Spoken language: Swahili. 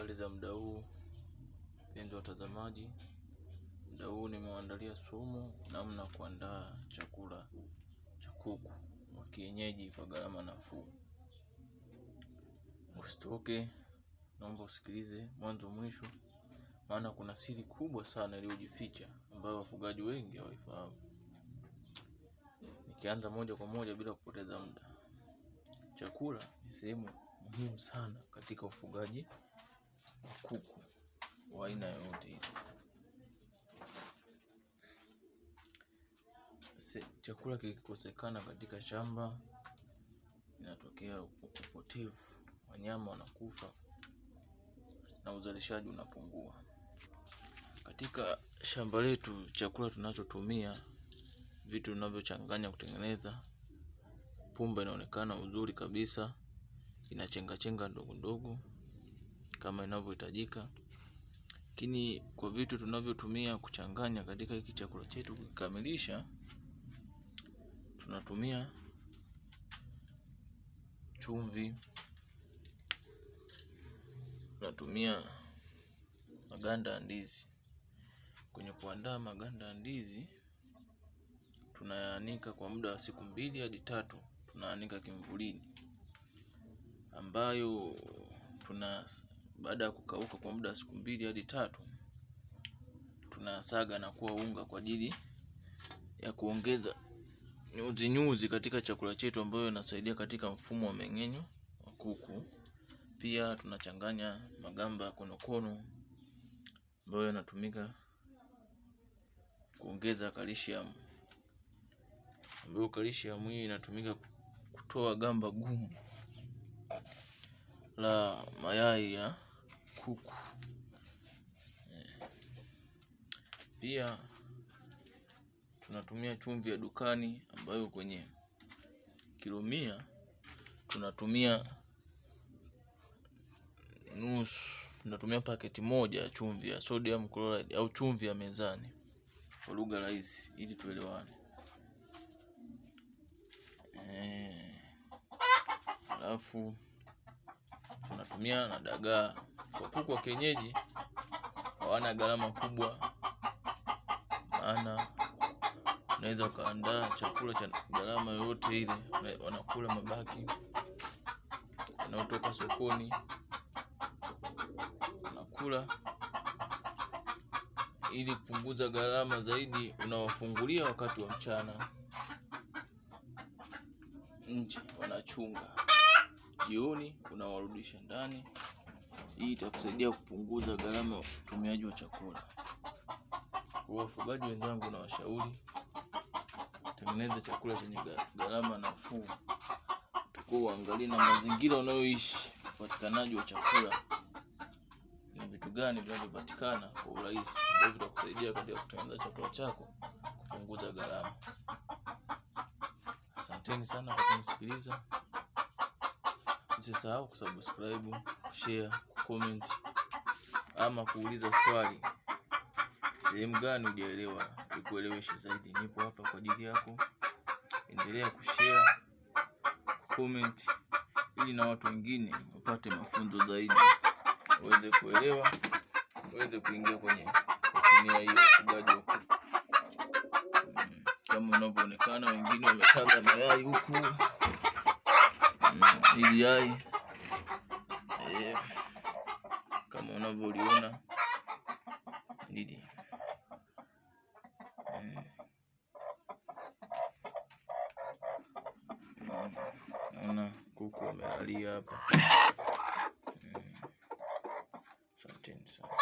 Habari za muda huu, mpenzi watazamaji, muda huu nimewaandalia sumu namna kuandaa chakula cha kuku wa kienyeji kwa gharama nafuu. Usitoke, naomba usikilize mwanzo mwisho, maana kuna siri kubwa sana iliyojificha ambayo wafugaji wengi hawaifahamu. Nikianza moja kwa moja bila kupoteza muda, chakula ni sehemu muhimu sana katika ufugaji wa kuku wa aina yoyote Chakula kikikosekana katika shamba, inatokea upotevu, wanyama wanakufa na uzalishaji unapungua. Katika shamba letu chakula tunachotumia vitu tunavyochanganya kutengeneza pumba inaonekana uzuri kabisa, ina ndogo ndogo kama inavyohitajika. Lakini kwa vitu tunavyotumia kuchanganya katika hiki chakula chetu kukikamilisha, tunatumia chumvi, tunatumia maganda ya ndizi. Kwenye kuandaa maganda ya ndizi, tunayaanika kwa muda wa siku mbili hadi tatu, tunaanika kimvulini ambayo tuna baada ya kukauka kwa muda wa siku mbili hadi tatu, tunasaga na kuwa unga kwa ajili ya kuongeza nyuzi nyuzi katika chakula chetu ambayo inasaidia katika mfumo wa meng'enyo wa kuku. Pia tunachanganya magamba ya konokono ambayo yanatumika kuongeza kalsiamu, ambayo kalsiamu hii inatumika kutoa gamba gumu la mayai ya kuku. Pia tunatumia chumvi ya dukani ambayo kwenye kilo mia tunatumia nusu, tunatumia paketi moja ya chumvi ya sodium chloride au chumvi ya mezani kwa lugha rahisi ili tuelewane. alafu tunatumia na dagaa kwa kuku wa kienyeji hawana gharama kubwa, maana unaweza ukaandaa chakula cha gharama yoyote ile, wanakula mabaki yanayotoka sokoni, wanakula ili kupunguza gharama zaidi, unawafungulia wakati wa mchana nje, wanachunga jioni, unawarudisha ndani. Hii itakusaidia kupunguza gharama ya utumiaji wa chakula. Kwa wafugaji wenzangu, na washauri tengeneza chakula chenye gharama nafuu, utakuwa uangalie na mazingira unayoishi, upatikanaji wa chakula ni vitu gani vinavyopatikana kwa urahisi, ndio vitakusaidia katika kutengeneza chakula chako, kupunguza gharama. Asanteni sana kwa kunisikiliza. Usisahau kusubscribe, kushare comment ama kuuliza swali sehemu gani hujaelewa, ikueleweshe zaidi. Nipo hapa kwa ajili yako, endelea kushare comment, ili na watu wengine wapate mafunzo zaidi, waweze kuelewa, waweze kuingia kwenye tasnia hii ya ufugaji wa kuku. Kama unavyoonekana, wengine wametaga mayai huku, hmm, ili yai eh, kama unavyoliona lili hmm. Naona kuku wamelalia hapa mm. Asanteni sana.